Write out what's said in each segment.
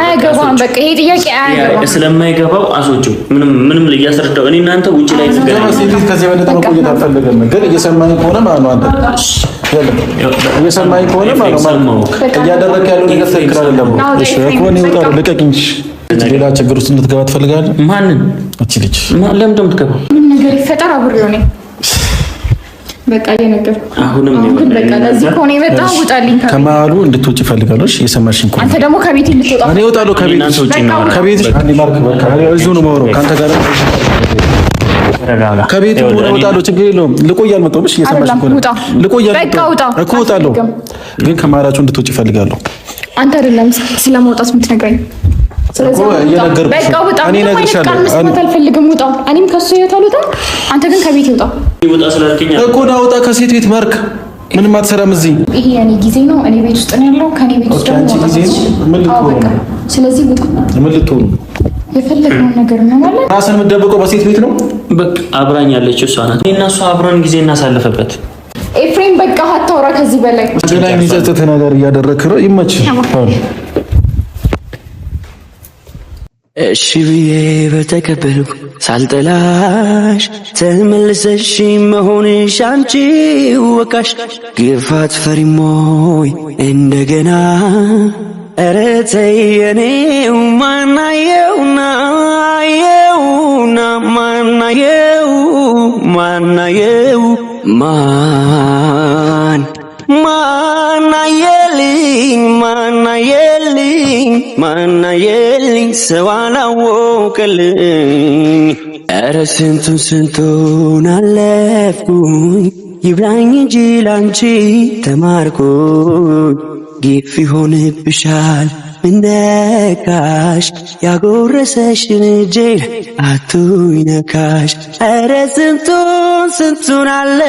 አያገባም። በቃ ይሄ ጥያቄ አያገባም። ስለማይገባው አስወጪው። ምንም ምንም እያስረዳው እኔ እናንተ ውጪ ላይ ከዚህ የበለጠ ማለት ነው አንተ ማለት ነው ያለው ነገር አይደለም። እሺ እኮ ሌላ ችግር ውስጥ እንድትገባ ትፈልጋለህ? ማንን? እቺ ልጅ ለምን እንደምትገባ ምን ነገር ይፈጠር አብሬው ነኝ በቃ እየነገርኩ አሁንም በቃ የሰማሽኝ አንተ ደግሞ ከቤት እንድትወጣ እኔ እወጣለሁ። ከቤት ከቤት እዚሁ ነው የማወራው ከአንተ ጋር ከቤት እወጣለሁ። ችግር የለውም። ልቆይ አልመጣሁም። እሺ የሰማሽኝ ከሆነ ልቆይ አልመጣሁም እኮ እወጣለሁ፣ ግን ከመሀላችሁ እንድትውጭ እፈልጋለሁ። አንተ አይደለም ስለመውጣት የምትነግረኝ እኔም ከሱ ህይወት አልወጣም። አንተ ግን ከቤት ይውጣ እኮ ና ውጣ፣ ከሴት ቤት ማርክ ምንም አትሰራም እዚህ። ይሄ የኔ ጊዜ ነው። እኔ ቤት ውስጥ ነው ያለው። ከኔ ቤት ውስጥ ደግሞ ስለዚህ ምን ልትሆኑ የፈለግነውን ነገር እንሆናለን። ራስን የምትደብቀው በሴት ቤት ነው። በቃ አብራኝ ያለች እሷ ናት። እኔና እሷ አብረን ጊዜ እናሳለፈበት። ኤፍሬም በቃ አታውራ ከዚህ በላይ ላይ የሚጸጽት ነገር እያደረግህ ነው። እሺ ብዬ በተቀበልኩ ሳልጠላሽ ተመልሰሽ መሆንሽ አንቺ ወቃሽ ግፋት ፈሪሞይ እንደገና ኧረ ተይ የኔው ማናየውና የውና ማናየው ማናየው ማን ማና የልኝ ማና የልኝ ማና የልኝ ሰው አላወቀልኝ። ኧረ ስንቱን ስንቱን አለፍኩኝ ይብላኝ እንጂ ላንቺ ተማርኩኝ ግፍ ይሆንብሻል ምነካሽ ያጎረሰሽን እጄን አቱኝ ነካሽ ኧረ ስንቱን ስንቱን አለ።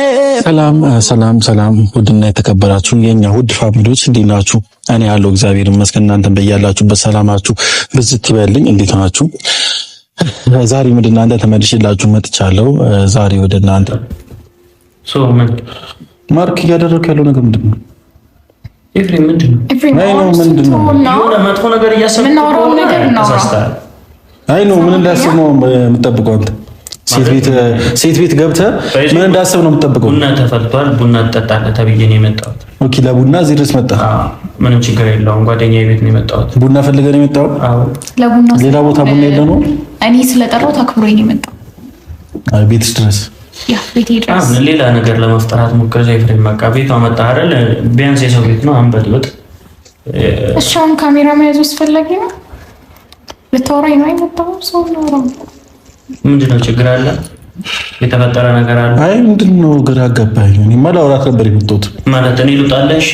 ሰላም ሰላም ሰላም! ውድና የተከበራችሁ የኛ ውድ ፋሚሊዎች እንዴት ናችሁ? እኔ ያለው እግዚአብሔር ይመስገን። እናንተን በያላችሁበት ሰላማችሁ ብዝት ይበልኝ። እንዴት ናችሁ? ዛሬም ወደ እናንተ ተመልሼላችሁ መጥቻለሁ። ዛሬ ወደ እናንተ ማርክ እያደረግ ያለው ነገር ምንድን ነው? ኤፍሬም ምንድን ነው? ምንድን ነው? የሆነ መጥፎ ነገር እያሰብክ ነው። ምን እንዳስብ ነው የምጠብቀው? አንተ ሴት ቤት ገብተህ ምን እንዳስብ ነው የምጠብቀው? ቡና ተፈልቷል፣ ቡና ትጠጣለህ ተብዬ ነው የመጣሁት። ኦኬ፣ ለቡና እዚህ ድረስ መጣ ምንም ችግር የለውም። ጓደኛዬ ቤት ነው የመጣሁት። ቡና ፈልገህ ነው የመጣሁት? ሌላ ቦታ ቡና የለ ነው? እኔ ስለጠራሁት አክብሮኝ ነው የመጣው ቤትሽ ድረስ ሌላ ነገር ለመፍጠራት ሙከር ኤፍሬም በቃ ቤቷ መጣ አይደል? ቢያንስ የሰው ቤት ነው አንበልበጥ። እሻውን ካሜራ መያዙ አስፈላጊ ነው። ልታወራኝ ነው አይመጣም። ሰው ምንድን ነው ችግር አለ? የተፈጠረ ነገር አለ? አይ ምንድን ነው ግራ አጋባኝ። እኔማ ላወራት ነበር የመጣሁት። ማለት እኔ ልውጣለ። እሺ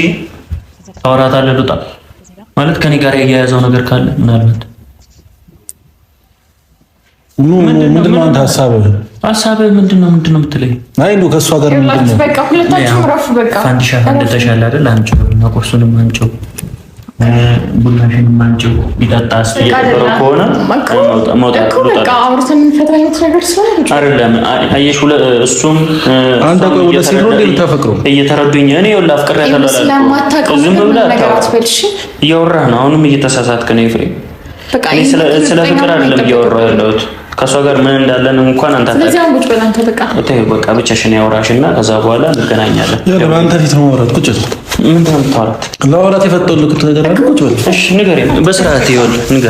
አለ ልውጣ ማለት ከኔ ጋር የያያዘው ነገር ካለ ምናልባት ምንድን ነው አንተ ሀሳብህ ሀሳብ ምንድን ነው? ምንድን ነው የምትለኝ? አይ እንደው ከእሷ ጋር ምንድን ነው? በቃ ሁለታችሁም ረፍ። በቃ ፋንዲሻ ፋንድተሻል አይደል? አንቺው እና ቁርሱንም አንቺው ቡናሽንም አንቺው ይጠጣ እስኪ የነበረው ከሆነ በቃ አውርተን የምንፈታ አይነት ነገር ስለሆነ አይደለም። አየሽ፣ እሱም አንተ ቆይ፣ ወደ ሲሮ ልታፈቅሩ እየተረዱኝ እኔ ወላ አፍቅሬ ስለማታውቀው ዝም ብለህ እያወራህ ነው። አሁንም እየተሳሳትክ ነው ኤፍሬም። ስለ ፍቅር አይደለም እያወራሁ ያለሁት ከእሷ ጋር ምን እንዳለን እንኳን አንተ ስለዚህ በቃ ብቻሽን ከዛ በኋላ እንገናኛለን። አንተ ነው ቁጭ ምን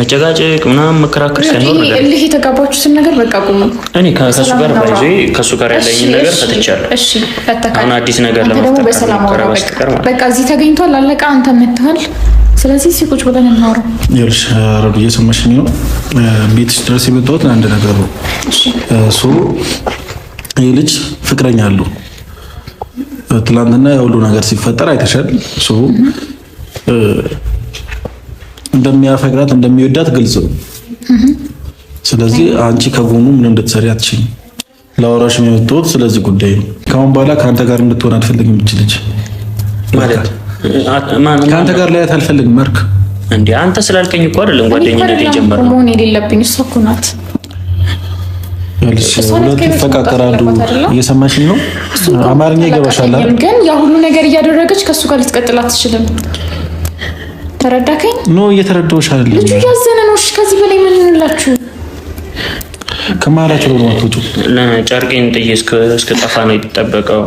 መጨቃጨቅ ምናምን መከራከር ሳይኖር ነገር እልህ የተጋባችሁትን ነገር በቃ ቁሙ። እኔ ከሱ ጋር ባይዞ ከሱ ጋር ያለኝን ነገር ፈትቻለሁ። እሺ አሁን አዲስ ነገር ለመፍጠር በቃ እዚህ ተገኝቷል። አለቃ አንተ መጥተሃል። ስለዚህ ቁጭ ብለን እናውራ። ይኸውልሽ ረዱ እየሰማሽኝ ነው። ቤትሽ ድረስ የመጣሁት ለአንድ ነገር ነው። እሱ ይህ ልጅ ፍቅረኛ አለው። ትናንትና የሁሉ ነገር ሲፈጠር አይተሻል። እሱ እንደሚያፈቅራት እንደሚወዳት ግልጽ ነው። ስለዚህ አንቺ ከጎኑ ምን እንድትሰሪ አትችልም። ላወራሽ የመጣሁት ስለዚህ ጉዳይ ነው። ከአሁን በኋላ ከአንተ ጋር እንድትሆን አልፈልግም። ይችልች ማለት ከአንተ ጋር ላያት አልፈልግም። መርክ እንዲ አንተ ስላልከኝ እኮ አይደለም ጓደኝነት የጀመረው መሆን የሌለብኝ እሷ እኮ ናት። ሁለቱ ይፈቃቀራሉ። እየሰማሽኝ ነው? አማርኛ ይገባሻል። ግን ያ ሁሉ ነገር እያደረገች ከእሱ ጋር ልትቀጥል አትችልም። ተረዳከኝ? ኖ እየተረዳሁሽ አይደለም። ልጁ እያዘነ ነው። ከዚህ በላይ ምን እንላችሁ? ከመሀላችሁ ለማትወጡ ጨርቄን ጥዬ እስክጠፋ ነው የተጠበቀው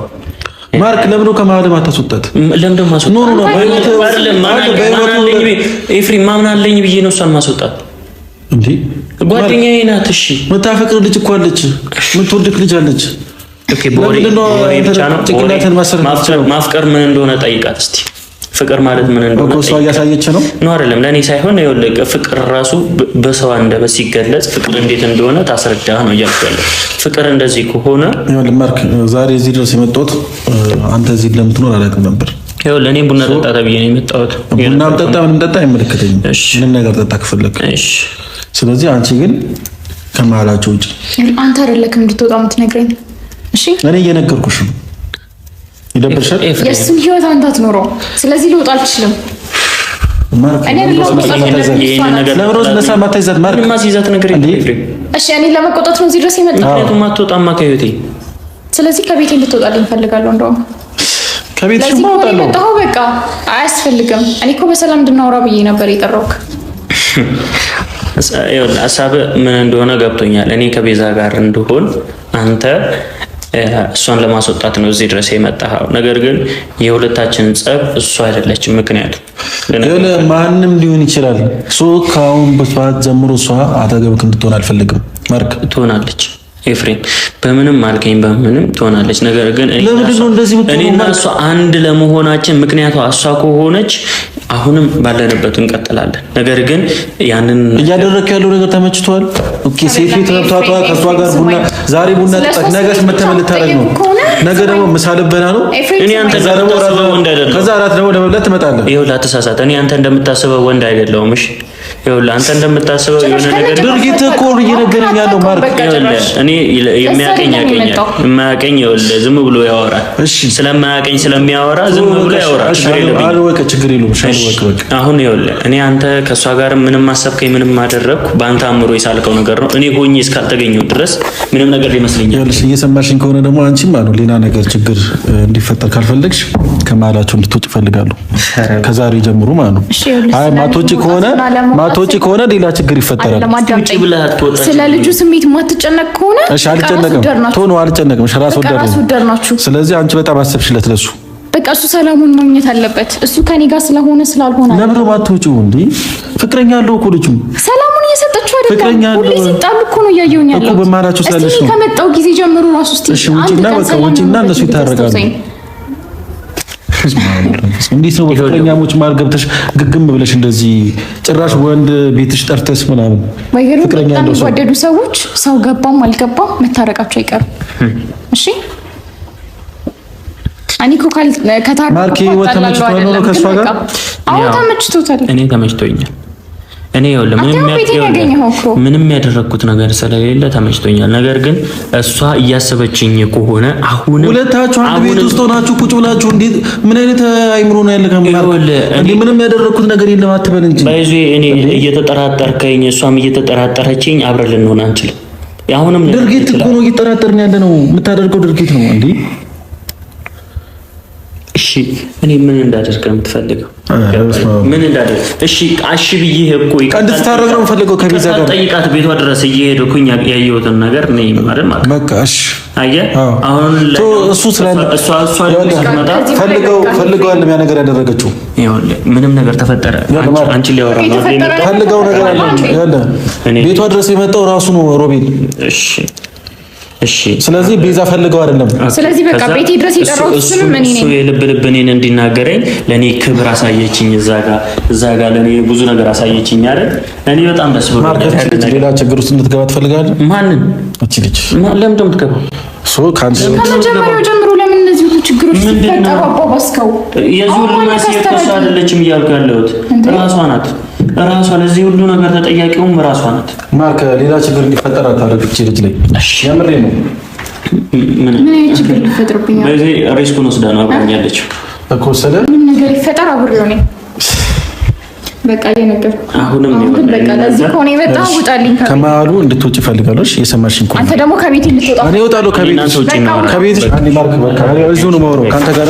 ማርክ ለምን ነው ከማለም አታስወጣት? ለምን ነው ማስወጣት? ኖ ኖ ኖ ኤፍሬም ማምን አለኝ ብዬ ነው እሷን ማስወጣት። እንዴ ጓደኛዬ ናት። እሺ የምታፈቅር ልጅ እኮ አለች፣ የምትወድቅ ልጅ አለች። ኦኬ፣ ቦሪ ቦሪ ብቻ ነው ማፍቀር ምን እንደሆነ ጠይቃት እስቲ ፍቅር ማለት ምን እንደሆነ እኮ እያሳየች ነው ነው አይደለም? ለእኔ ሳይሆን የወለቀ ፍቅር ራሱ በሰው አንደበት ሲገለጽ ፍቅር እንዴት እንደሆነ ታስረዳ ነው እያልኩ ፍቅር እንደዚህ ከሆነ ማርክ፣ ዛሬ እዚህ ድረስ የመጣሁት አንተ እዚህ ለምትኖር አላውቅም ነበር። ይኸውልህ እኔ ቡና ጠጣ ተብዬ ነው የመጣሁት። ቡናም ጠጣ ምንም ጠጣ አይመለከተኝም። ምን ነገር ጠጣ ከፈለክ። ስለዚህ አንቺ ግን ከመሀላቸው ውጭ አንተ አይደለክም እንድትወጣ የምትነግረኝ። እሺ እኔ እየነገርኩሽ ነው ይደብርሻል። የእሱን ህይወት አንተ አትኖረው። ስለዚህ ልውጥ አልችልም። ለመቆጣት ነው እዚህ ድረስ የመጣሁት። ምክንያቱም አትወጣማ ከህይወቴ። ስለዚህ ከቤቴ እንድትወጣልኝ እፈልጋለሁ። እንደውም ከቤትሽ እወጣለሁ። በቃ አያስፈልግም። እኔ እኮ በሰላም እንድናወራ ብዬ ነበር የጠራሁት። ሀሳብ ምን እንደሆነ ገብቶኛል። እኔ ከቤዛ ጋር እንድሆን አንተ እሷን ለማስወጣት ነው እዚህ ድረስ የመጣኸው። ነገር ግን የሁለታችንን ጸብ እሷ አይደለችም ምክንያቱ። ግን ማንም ሊሆን ይችላል። እሱ ከአሁን በሰዓት ጀምሮ እሷ አጠገብህ እንድትሆን አልፈልግም። መርክ ትሆናለች ኤፍሬም በምንም አልከኝ፣ በምንም ትሆናለች። ነገር ግን እኔና እሷ አንድ ለመሆናችን ምክንያቱ እሷ ከሆነች አሁንም ባለንበት እንቀጥላለን። ነገር ግን ያንን እያደረክ ያለው ነገር ተመችቷል። ኦኬ ሴት ቤት መብቷቷ ከሷ ጋር ቡና ዛሬ ቡና ጠጣት፣ ነገ መተመን ልታደርግ ነው። ነገ ደግሞ ምሳ ልበላ ነው። እኔ አንተ እንደምታስበው ወንድ አይደለሁም። ከዛ አራት ደግሞ ለመብላት ትመጣለህ። ይኸውልህ፣ አትሳሳት። እኔ አንተ እንደምታስበው ወንድ አይደለሁም። እሺ ይኸውልህ አንተ እንደምታስበው የሆነ ነገር ድርጊት እኮ እየነገረኝ ያለው ማርክ፣ ይኸውልህ እኔ የሚያቀኝ ያቀኛል፣ የማያቀኝ ይኸውልህ ዝም ብሎ ያወራል። እሺ ስለማያቀኝ ስለሚያወራ ዝም ብሎ ያወራል። ችግር የለውም። አሁን ይኸውልህ እኔ አንተ ከእሷ ጋር ምንም አሰብከኝ ምንም አደረግኩ በአንተ አእምሮ የሳልከው ነገር ነው። እኔ ሆኜ እስካልተገኘሁ ድረስ ምንም ነገር ሊመስለኛል። እየሰማሽኝ ከሆነ ደግሞ አንቺም አሉ ሌላ ነገር ችግር እንዲፈጠር ካልፈለግሽ ከመሀላቸው እንድትወጪ እፈልጋለሁ ከዛሬ ጀምሮ ማለት ነው። አይ ማትወጪ ከሆነ ማትወጪ ከሆነ ሌላ ችግር ይፈጠራል። ስለ ልጁ ስሜት ማትጨነቅ ከሆነ እሺ፣ አልጨነቅም። ቶሎ አልጨነቅም። እሺ፣ ራስ ወደር ናችሁ። ስለዚህ አንቺ በጣም አሰብሽለት ለሱ በቃ እሱ ሰላሙን ማግኘት አለበት። እሱ ከኔ ጋር ስለሆነ ስላልሆነ ለምን አትወጪው? እንደ ፍቅረኛ አለው እኮ ልጁ ሰላሙን እየሰጠችው አይደለም። ፍቅረኛ አለው ሁሌ ሲጣሉ እኮ ነው እያየሁኝ ያለው እኮ በማራቸው ስላለሽ ነው። ከመጣው ጊዜ ጀምሮ ራሱ እስቲ አንድ ቀን ሰላም ነው። እሺ ውጪና እነሱ ይታረቃሉ። እንዴት ነው በፍቅረኛሞች መሀል ገብተሽ ግግም ብለሽ እንደዚህ ጭራሽ ወንድ ቤትሽ ጠርተሽ ምናምን? ፍቅረኛ የሚወደዱ ሰዎች ሰው ገባም አልገባም መታረቃቸው አይቀርም። እሺ እኔ እኮ ከታረቁ ተመችቶታል። እኔ ተመችቶኛል እኔ ያው ለምንም ምንም ያደረግኩት ነገር ስለሌለ ተመችቶኛል። ነገር ግን እሷ እያሰበችኝ ከሆነ አሁን ሁለታችሁ አንድ ቤት ውስጥ ሆናችሁ ቁጭ ብላችሁ እንዴት ምን አይነት አይምሮ ነው ያለ? ምንም ያደረግኩት ነገር የለም አትበል እንጂ ባይዙ እኔ እየተጠራጠርከኝ እሷም እየተጠራጠረችኝ አብረን ልንሆን አንችልም። አሁንም ድርጊት እኮ ነው እየተጠራጠርን ያለ ነው። የምታደርገው ድርጊት ነው እንዴ እሺ እኔ ምን እንዳደርግ ነው የምትፈልገው? ምን እንዳደርግ? እሺ አሺ ብዬ እኮ እንድትታረቅ ነው የምፈልገው። ከቤዛ ጋር ጠይቃት፣ ቤቷ ድረስ እየሄድኩ ያየሁትን ነገር እኔ ማለት ነው። በቃ እሺ፣ አየህ፣ አሁን እሱ ስላለ እሷ እሷ ፈልገው ፈልገዋል። ያ ነገር ያደረገችው ምንም ነገር ተፈጠረ፣ አንቺን ሊያወራ ፈልገው ነገር አለ። ቤቷ ድረስ የመጣው ራሱ ነው ሮቤል። እሺ እሺ ስለዚህ ቤዛ ፈልገው አይደለም። ስለዚህ በቃ ቤቴ ድረስ የጠራሁት ምን እኔ ነኝ። የልብ ልብ እኔን እንዲናገረኝ ለእኔ ክብር አሳየችኝ። እዛ ጋር እዛ ጋር ለእኔ ብዙ ነገር አሳየችኝ አይደል? እኔ በጣም ደስ ብሎ ማርከት ሌላ ችግር ውስጥ እንድትገባ ትፈልጋለህ? ማንን? እቺ ልጅ ለምን እንደምትገባ ሶ ካንቺ ከመጀመሪያው ጀምሮ ለምን እነዚህ ሁሉ ችግሮች ሲፈጠሩ አባባስከው የዙር ማስየተሳለችም እያልኩ ያለሁት ራሷ ናት። ራሷ ለዚህ ሁሉ ነገር ተጠያቂውም ራሷ ናት። ማርክ ሌላ ችግር እንዲፈጠር አታደርግ። እቺ ልጅ ላይ ያምሬ ነው። ምን ችግር ሊፈጥርብኛል? በዚህ ሪስኩን ወስዳ ነው እኮ ወሰደ። ምን ነገር ይፈጠር አብሬው ነኝ። በቃ የነገር አሁንም በቃ ለዚህ ከመሀሉ እንድትወጪ እፈልጋለሁ። የሰማሽኝ እኮ አንተ ደግሞ ከቤት ልትወጣ እኔ እወጣለሁ። ከቤት ማርክ በቃ ነው ጋር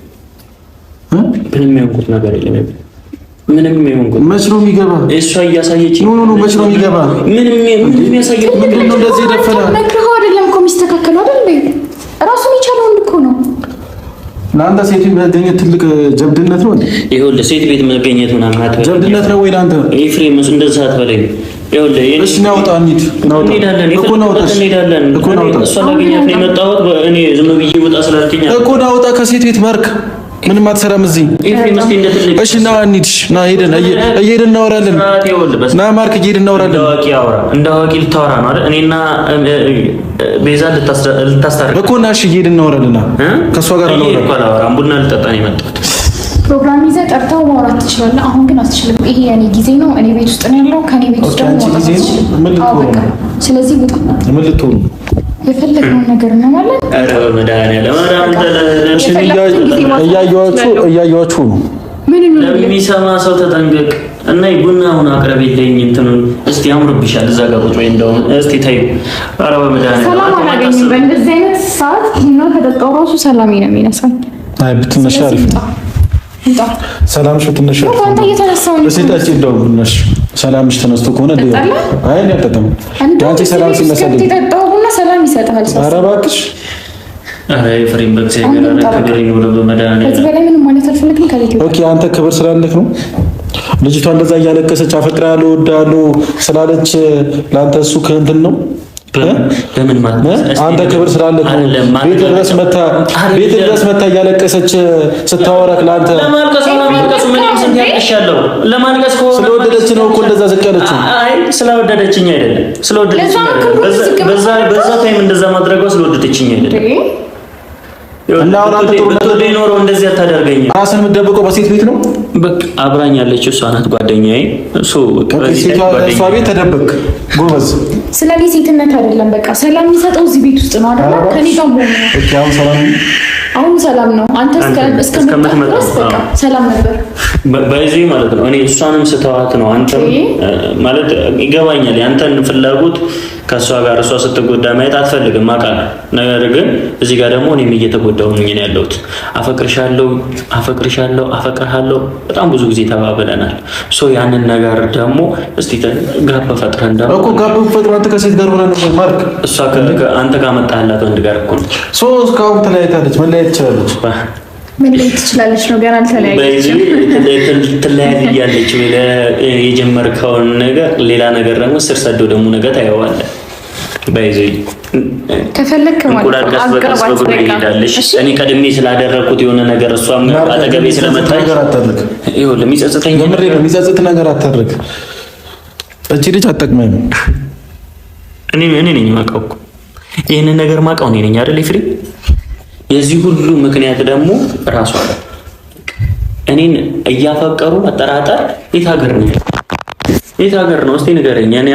ምን የሆንኩት ነገር የለም። ምንም የሆንኩት መስሎ የሚገባ እሷ እያሳየች ኖ ኖ መስሎ የሚገባ ምንም ምንም ምንድን ነው? እንደዚህ ደፈና ነግረኸው አይደለም እኮ የሚስተካከሉ አይደል እንዴ? ራሱን የቻለው እኮ ነው። ለአንተ ሴት መገኘት ትልቅ ጀብድነት ነው። ይኸውልህ ሴት ቤት መገኘት ምናምን አትበል፣ ጀብድነት ነው ወይ ለአንተ? ኤፍሬም እንደዛ አትበለኝ። ናውጣ እኮ እኮ ነው እኮ ከሴት ቤት ማርክ ምንም አትሰራም እዚህ። እሺ ና እንሂድ፣ ና ሄደን እየሄድን እናወራለን። ና ማርክ፣ እየሄድን እናወራለን። እንደ አዋቂ ልታወራ ነው አይደል? እኔና ቤዛ ልታስታርቅ እኮ ና። እሺ እየሄድን እናወራለን። ከእሷ ጋር አላወራም፣ ቡና ልጠጣ ነው የመጣሁት። ፕሮግራም ይዘህ ጠርተው ማውራት ትችላለህ። አሁን ግን አትችልም። ይሄ የኔ ጊዜ ነው። እኔ ቤት ውስጥ ነው ያለው። ከኔ ቤት ውስጥ ደግሞ ስለዚህ የፈለግነው ነገር ነው ማለት እያየኋችሁ ነው። ለሚሰማ ሰው ተጠንቀቅ እና ቡና አሁን አቅርቢልኝ እንትኑን እስቲ አምሮብሻል። እዛ ጋር ቁጭ ወይ እንደውም እስቲ ታይ። ኧረ በመድኃኒዓለም ሰላም አላገኝም። በእንደዚህ አይነት ሰዓት ቡና ከጠጣሁ እራሱ ሰላሜ ነው የሚነሳኝ። አይ ብትነሽ አሪፍ ነው። ሰላምሽ ብትነሽ አሪፍ ጠጪ እንደው ብነሽ ሰላምሽ ተነስቶ ከሆነ አይ እኔ አልጠጣም። የአንቺ ሰላም እና ሰላም ይሰጥሃል። ኧረ እባክሽ ኤፍሬም በእግዚአብሔር ክብር ይውለው በመድኃኒዓለም። በላይ ምንም ማለት አልፈልግም። ኦኬ አንተ ክብር ስላለህ ነው። ልጅቷ እንደዛ እያለቀሰች አፈቅራለሁ እወድሃለሁ ስላለች ለአንተ እሱ ከእንትን ነው በምን አንተ ክብር ስላለ ቤት ድረስ መታ ቤት ድረስ መታ እያለቀሰች ስታወራክ ለአንተ ለማልቀስ ስለወደደች ነው እኮ እንደዛ ዝቅ ያለችው። አይ ስለወደደችኝ አይደለም፣ ስለወደደችኝ በዛ ታይም እንደዛ ማድረጓ ስለወደደችኝ አይደለም። ኖረው እንደዚህ አታደርገኝም። ራስን የምትደብቀው በሴት ቤት ነው። በቃ አብራኝ ያለች እሷ ናት ጓደኛዬ። እሱ ተደበቅ ጎበዝ። ስለኔ ሴትነት አይደለም። በቃ ሰላም የሚሰጠው እዚህ ቤት ውስጥ ነው አይደል? ከኔ ጋር ነው። ሰላም አሁን ሰላም ነው። አንተ እስከምትመጣ ድረስ ሰላም ነበር። በዚህ ማለት ነው እኔ እሷንም ስተዋት ነው አንተም ማለት ይገባኛል። የአንተን ፍላጎት ከእሷ ጋር እሷ ስትጎዳ ማየት አትፈልግም አውቃለሁ። ነገር ግን እዚህ ጋር ደግሞ እኔም እየተጎዳሁ ነኝ ነው ያለሁት። አፈቅርሻለሁ፣ አፈቅርሻለሁ፣ አፈቅርሃለሁ በጣም ብዙ ጊዜ ተባብለናል። ሶ ያንን ነገር ደግሞ እስቲ ጋብ ፈጥረን ደግሞ እኮ ጋብ ፈጥረን አንተ ከሴት ጋር ሆነ ነው ማርክ፣ እሷ ከአንተ ጋር መጣህላት ወንድ ጋር እኮ ነው ሶ እስካሁን ተለያይታለች መለ መለያየት ትችላለች። መለየት ትችላለች ነው ገና አልተለያየችም። ትለያይ እያለች የጀመርከውን ነገር ሌላ ነገር ደግሞ ስር ሰዶ ደግሞ ነገር ታየዋለህ። በይዞ ከፈለክ እኔ ቀድሜ ስላደረግኩት የሆነ ነገር እሷም አጠገቤ ስለመጣች የሚጸጽተኝ የሚጸጽት ነገር አታድርግ። እቺ ልጅ አጠቅመኝ። እኔ እኔ ነኝ የማውቀው እኮ ይህንን ነገር ማውቀው እኔ ነኝ አይደል ኤፍሬም የዚህ ሁሉ ምክንያት ደግሞ ራሱ አለ። እኔን እያፈቀሩ መጠራጠር የት ሀገር ነው? የት ሀገር ነው? እስቲ ንገረኝ። እኔ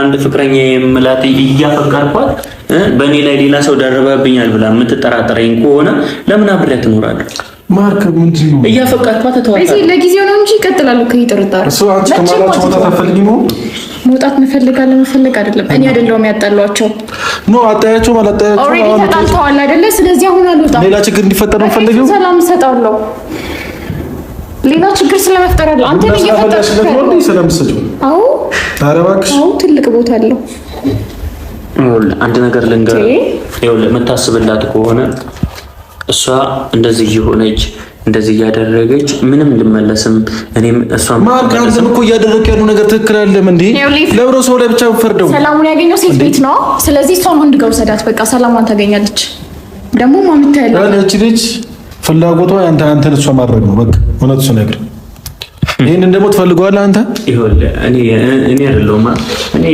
አንድ ፍቅረኛ የምላት እያፈቀርኳት በእኔ ላይ ሌላ ሰው ደረበብኛል ብላ የምትጠራጠረኝ ከሆነ ለምን አብሬያት እኖራለሁ? ማርክ ምንድን ነው እያፈቀርኳት ተዋጣ። ለጊዜው ነው እንጂ ይቀጥላሉ። ከይጥርጣር እሱ አንቺ ከማላችሁ መውጣት አትፈልጊም? መውጣት መፈልጋለሁ መፈለግ አይደለም እኔ አይደለሁም ያጣሏቸው ኖ ማለት አላታያቸውም። ኦሬዲ ተጣልተዋል አይደለ? ስለዚህ አሁን አልወጣም። ሌላ ችግር እንዲፈጠር ነው ፈልገው። ሰላም እሰጣለሁ። ሌላ ችግር ስለመፍጠር አለ አንተ ልጅ ፈጠርክ ነው። ሰላም ሰጪው። አዎ፣ ኧረ እባክሽ። አዎ፣ ትልቅ ቦታ አለው። አንድ ነገር ልንገርህ፣ ይኸውልህ፣ የምታስብላት ከሆነ እሷ እንደዚህ የሆነች እንደዚህ እያደረገች ምንም ልመለስም እኔም እሷም ማርቃንዝም እኮ እያደረግ ያሉ ነገር ትክክል አለም እንዲ ለብሮ ሰው ላይ ብቻ ፈርደው ሰላሙን ያገኘው ሴት ቤት ነው። ስለዚህ እሷን ወንድ ጋር ውሰዳት፣ በቃ ሰላሟን ታገኛለች። ደግሞ ማምታያለች ልጅ ፍላጎቷ አንተ አንተን እሷ ማድረግ ነው። በቃ እውነቱ ስነግርህ ይህንን ደግሞ ትፈልገዋለህ አንተ። ይኸውልህ እኔ እኔ አይደለሁማ እኔ